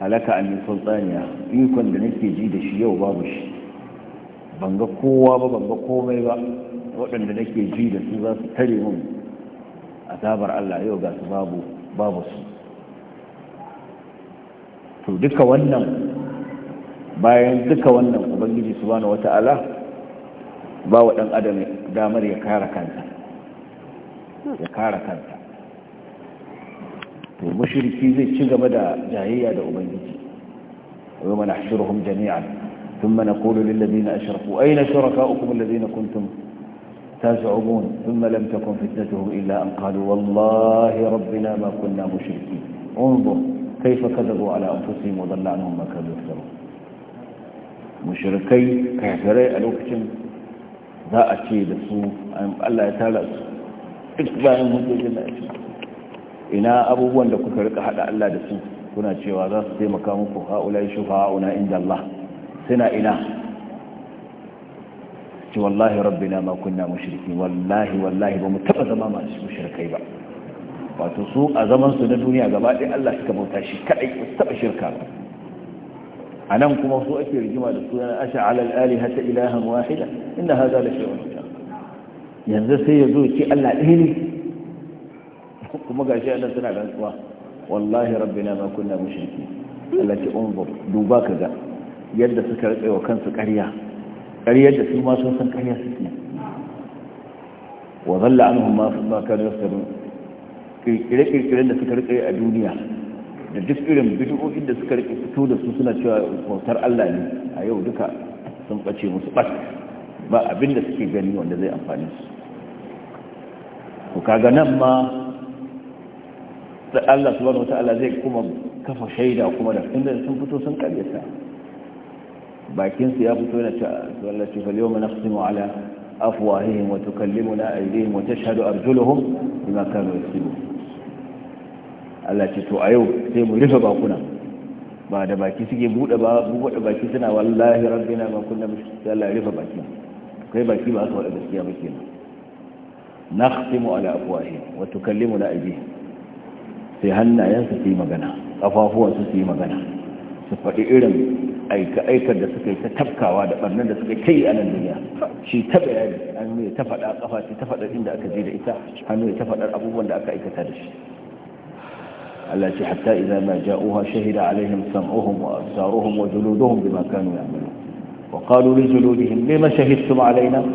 halaka an yi sultaniya ikon da nake ji da shi yau babu shi ban ga kowa ba ban komai ba وعند لك جيدا في ذات تريهم أتابر على عيوغا سبابه بابس فدك ونم باين دك ونم وبنجي سبحانه وتعالى باو أن أدم دامر يكارك أنت يكارك أنت ومشركي زي تشيغ مدى جاهية لأبنجي ويوم نحشرهم جميعا ثم نقول للذين أشرفوا أين شركاؤكم الذين كنتم تزعمون ثم لم تكن فتنتهم إلا أن قالوا والله ربنا ما كنا مشركين انظر كيف كذبوا على أنفسهم وضل عنهم ما كانوا يفترون مشركي كافري الوكتم ذا أتي لسوء الله يتالى إقبال مدد الله إنا أبوان لكم كرق حتى الله لسوء كنا تشيوا ذا سيما كاموكو هؤلاء شفاعنا عند الله سنا إله ce wallahi rabbina ma kunna wallahi wallahi ba mu taba zama masu mushrikai ba wato su a zaman su na duniya gaba ɗaya Allah suka bauta shi kadai ba su taba shirka ba anan kuma su ake rigima da su yana asha ala al-alihata ilahan wahida inna hadha la shay'un yanzu sai ya zo Allah ɗaya ne [LAUGHS] kuma ga Allah suna rantsuwa wallahi rabbina ma kunna Allah ce duba kaga yadda suka rike wa kansu ƙarya ƙaryar da su ma sun san ƙarya suke wa zalla anhum ma ma kanu yaftarun kirkire-kirkiren da suka rike a duniya da duk irin bid'o'in da suka rike fito da su suna cewa bautar Allah ne a yau duka sun bace musu bat ba abin da suke gani wanda zai amfani su ku kaga nan ma da Allah subhanahu wataala zai kuma kafa shaida kuma da inda sun fito sun karyata bakinsu ya fito na tallace fal yawma naqsimu ala afwahihim wa tukallimuna aydihim wa tashhadu arjuluhum bima kanu yaksibun Allah ce to a yau sai mu rufe bakuna ba da baki suke bude ba bude baki suna wallahi rabbina ma kunna mushrikin Allah ya rufe baki kai baki ba su waɗa gaskiya ba kenan naqsimu ala afwahihim wa tukallimuna aydihim sai hannayensu su yi magana kafafuwansu su yi magana su faɗi irin aika-aikar da suka yi ta tafkawa da ɓarnar da suka kai a nan duniya shi ta bayani hannu ya ta faɗa ƙafa ce ta faɗa inda aka je da ita hannu ya ta faɗar abubuwan da aka aikata da shi Allah ce hatta idza ma ja'uha shahida alaihim sam'uhum wa absaruhum wa juluduhum bima kanu ya'malun wa qalu li juludihim lima shahidtum alaina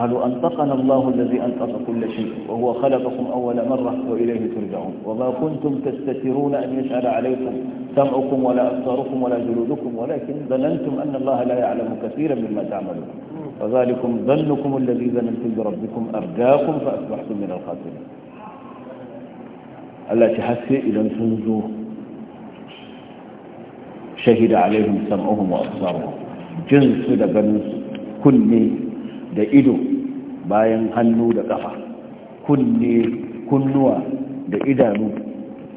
قالوا أنطقنا الله الذي أنطق كل شيء وهو خلقكم أول مرة وإليه ترجعون وما كنتم تستترون أن يسأل عليكم سمعكم ولا أبصاركم ولا جلودكم ولكن ظننتم أن الله لا يعلم كثيرا مما تعملون وذلكم ظنكم الذي ظننتم بربكم أرداكم فأصبحتم من الخاسرين ألا تحسي إلى تنزوه شهد عليهم سمعهم وأبصارهم جنس لبنس كني da ido bayan hannu da ƙafa kunne kunnuwa da idanu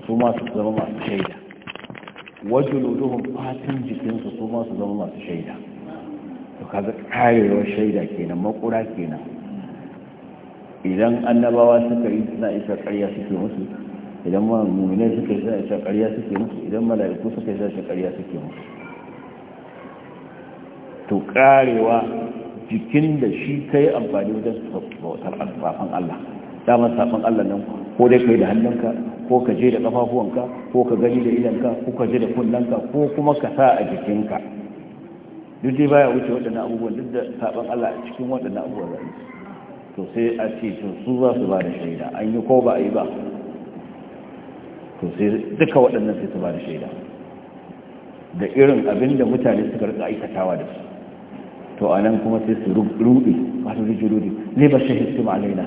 su masu zama masu shaida wajen lodohun fatin jikinsu su masu zama masu shaida to kaza karewar shaida kenan makura kenan idan annabawa suka yi suna isa ƙarya suke musu idan mummunai suka yi suna isa ƙarya suke musu idan mala'iku suka yi suna isa ƙarya suke musu to karewa jikin da shi ka yi amfani wajen bautar safan Allah damar safan Allah nan ko dai kai da hannunka ko ka je da kafafuwanka ko ka gani da idanka ko ka je da kunnanka ko kuma ka sa a jikinka duk dai baya wuce waɗannan abubuwan duk da safan Allah a cikin waɗannan abubuwan da to sai a ce to su za su ba da shaida an yi ko ba a yi ba to sai duka waɗannan sai su ba da shaida da irin abin da mutane suka rika aikatawa da su to a nan kuma sai su rubi wato da jirudi ne ba shahidtum alaina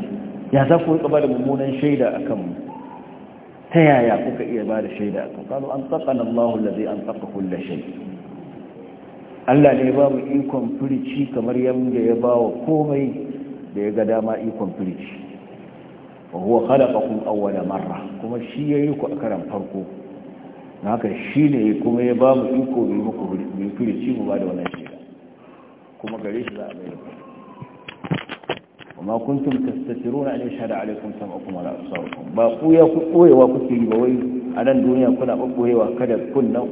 ya za ku ba da mummunan shaida a kanmu ta yaya kuka iya ba da shaida a kanmu kalu an tsakana allahu lazi an tsaka kulle shai allah ne ba mu ikon firici kamar yadda ya ba wa komai da ya ga dama ikon firici wa huwa khalaqakum awwala marra kuma shi ya yi ku a karan farko haka shi ne kuma ya ba mu iko mu muku firici mu ba da wannan kuma gare shi za a mai amma kuntum ne an yashhada sama kuma na absarukum ba ku ya ku koyewa kuke yi ba wai a nan duniya kuna ba kada kunnan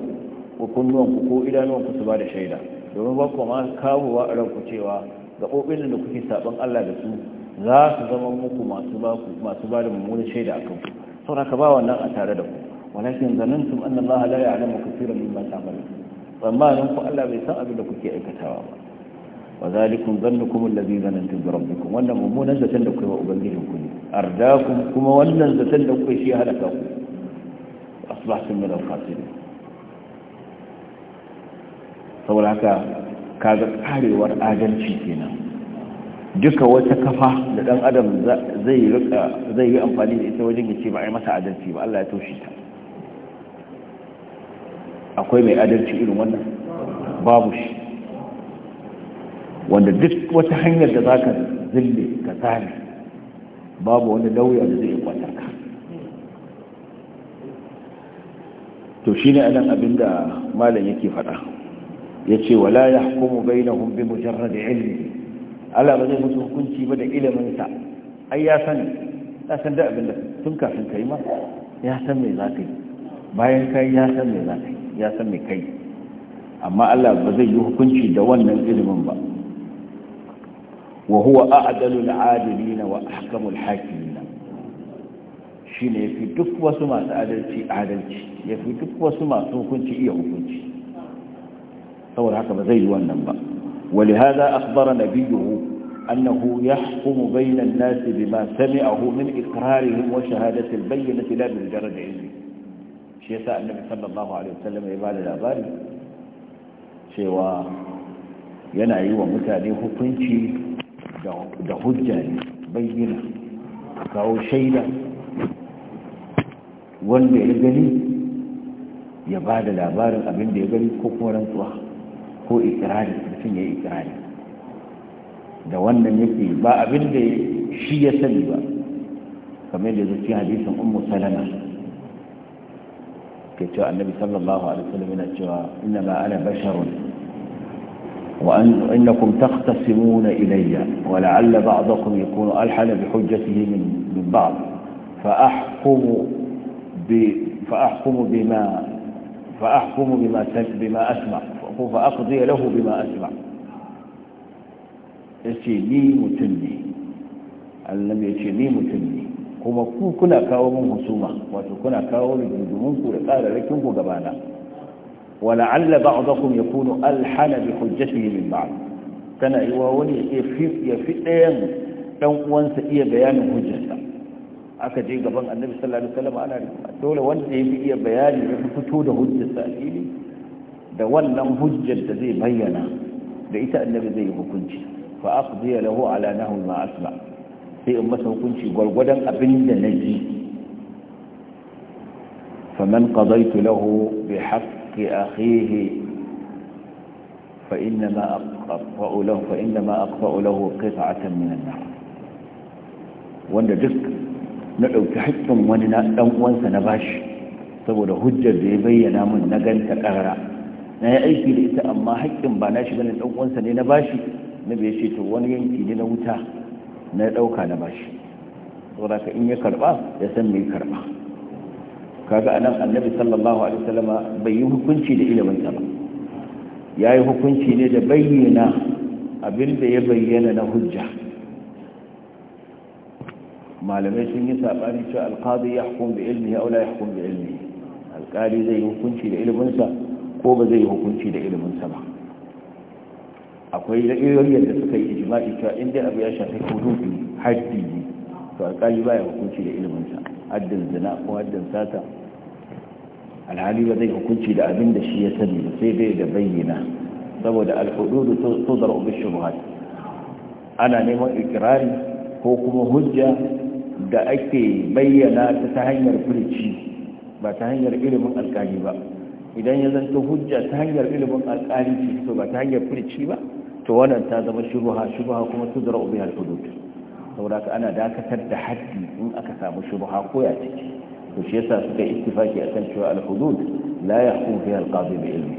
kunnuwan ku ko idanuwan ku su ba da shaida domin ba ku ma kawowa a ranku cewa gaɓoɓin da kuke saɓon Allah da su za su zama muku masu ba da mummunan shaida akan ku saboda ka ba wannan a tare da ku walakin zanantum anna Allah la ya'lamu kaseeran mimma ta'malun tsammanin ku Allah bai san abin da kuke aikatawa ba wa zalikum zannukum allazi zanantum bi rabbikum wannan mummunan zaton da kai wa ubangijin ku ne ardakum kuma wannan zaton da kai shi halaka ku asbahtum min al-khasirin saboda haka kaga karewar adalci kenan duka wata kafa da dan adam zai rika zai yi amfani da ita wajen ya ce ba a masa adalci ba Allah ya toshe ta akwai mai adalci irin wannan babu shi wanda duk wata hanyar da za ka zille ka tsari babu wani lauya da zai kwatar ka to shi ne anan abinda malam yake faɗa ya ce wala ya hukumu bai na humbi mujarra da ilmi Allah ba zai mutu hukunci ba da iliminsa ai ya sani ya san da abinda tun kafin ka yi ma ya san mai za ka yi bayan kai ya san mai za ka yi ya san mai kai amma Allah ba zai yi hukunci da wannan ilimin ba وهو أعدل العادلين وأحكم الحاكمين شين يفي duk سما masu adalci adalci yafi duk wasu masu hukunci iya hukunci saboda haka ba zai yi wannan ولهذا أخبر نبيه أنه يحكم بين الناس بما سمعه من إقرارهم وشهادة البينة لا بمجرد علمه شيء النبي صلى الله عليه وسلم يبال الأباري شيء ينعي ومتاني حكمتي da hujja ne bayyana kawo shaida wanda ya gani ya ba da labarin abin da ya gani ko kuma rantsuwa ko ikirari mutum ya yi ikirari da wannan yake ba abin da shi ya sani ba kamar da zuci hadisin ummu salama ke cewa annabi sallallahu alaihi wasallam yana cewa inna ma ana basharun وانكم تختصمون الي ولعل بعضكم يكون الحن بحجته من بعض فاحكم ب فاحكم بما فاحكم بما بما اسمع فاقضي له بما اسمع يشي لي متني ان لم يشي لي متني كما كنا كاو من خصومه وكنا كاو من جنونكم وقال لكم غبانا ولعل بعضكم يكون الحن بحجته من بعض كان يواوني إيوه يفيد يفيد ايام كان وانس ايا بيان هجسة اكا جي قبان النبي صلى الله عليه وسلم انا دولة إيه بيان حجته هجسة ايلي دولا هجة زي بينا بيتا النبي زي هكونش فاقضي له على نهو ما اسمع في امته هكونش نجي فمن قضيت له بحق حق أخيه فإنما أقفأ له, فإنما أقفأ له قطعة من النار وأن جزك نعو تحكم uwansa na bashi saboda hujjar da ya bayyana mun na ganta ƙarara na yi aiki da ita amma haƙƙin ba na shi ganin uwansa ne na bashi na bai ce to wani yanki ne na wuta na ɗauka na bashi saboda ka in ya karɓa ya san mai karɓa kaga anan annabi sallallahu alaihi wasallama bai yi hukunci da ilimin ba ya yi hukunci ne da bayyana abin da ya bayyana na hujja malamai sun yi saɓani cewa alƙadi ya hukun da ilmi ya aula ya hukun da ilmi alƙali zai yi hukunci da iliminsa ko ba zai yi hukunci da iliminsa ba akwai ra'iyoyin da suka yi ijima'i cewa inda abu ya shafi hudufi haddi to alƙali ba ya hukunci da iliminsa haddin zina ko haddin sata alhali ba zai hukunci da abin da shi ya sani ba sai dai da bayyana saboda alhududu tudar ubi shubuhat ana neman ikirari ko kuma hujja da ake bayyana ta ta hanyar furici ba ta hanyar ilimin alkali ba idan ya zanto hujja ta hanyar ilimin alkali ce to ba ta hanyar furici ba to wannan ta zama shubuha shubuha kuma tudar ubi alhudud saboda ana dakatar da haddi in aka samu shubuha ko ya ciki to shi yasa suka ittifaki akan cewa al-hudud la yahkum fiha al-qadi bi ilmi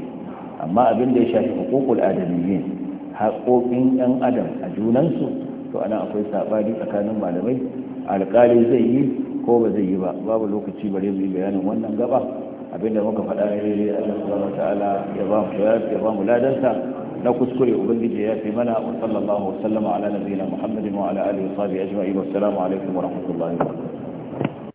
amma abin da ya shafi huququl adamiyyin haƙoƙin yan adam a junansu to ana akwai saɓani tsakanin malamai alƙali zai yi ko ba zai yi ba babu lokaci bare mu yi bayanin wannan gaba abin da muka faɗa ne daidai Allah subhanahu wataala ya ba mu ya ba mu ladansa na kuskure ubangiji ya fi mana wa sallallahu wa sallama ala nabiyina muhammadin wa ala alihi wa sahbihi ajma'in wa assalamu alaikum wa rahmatullahi wa barakatuh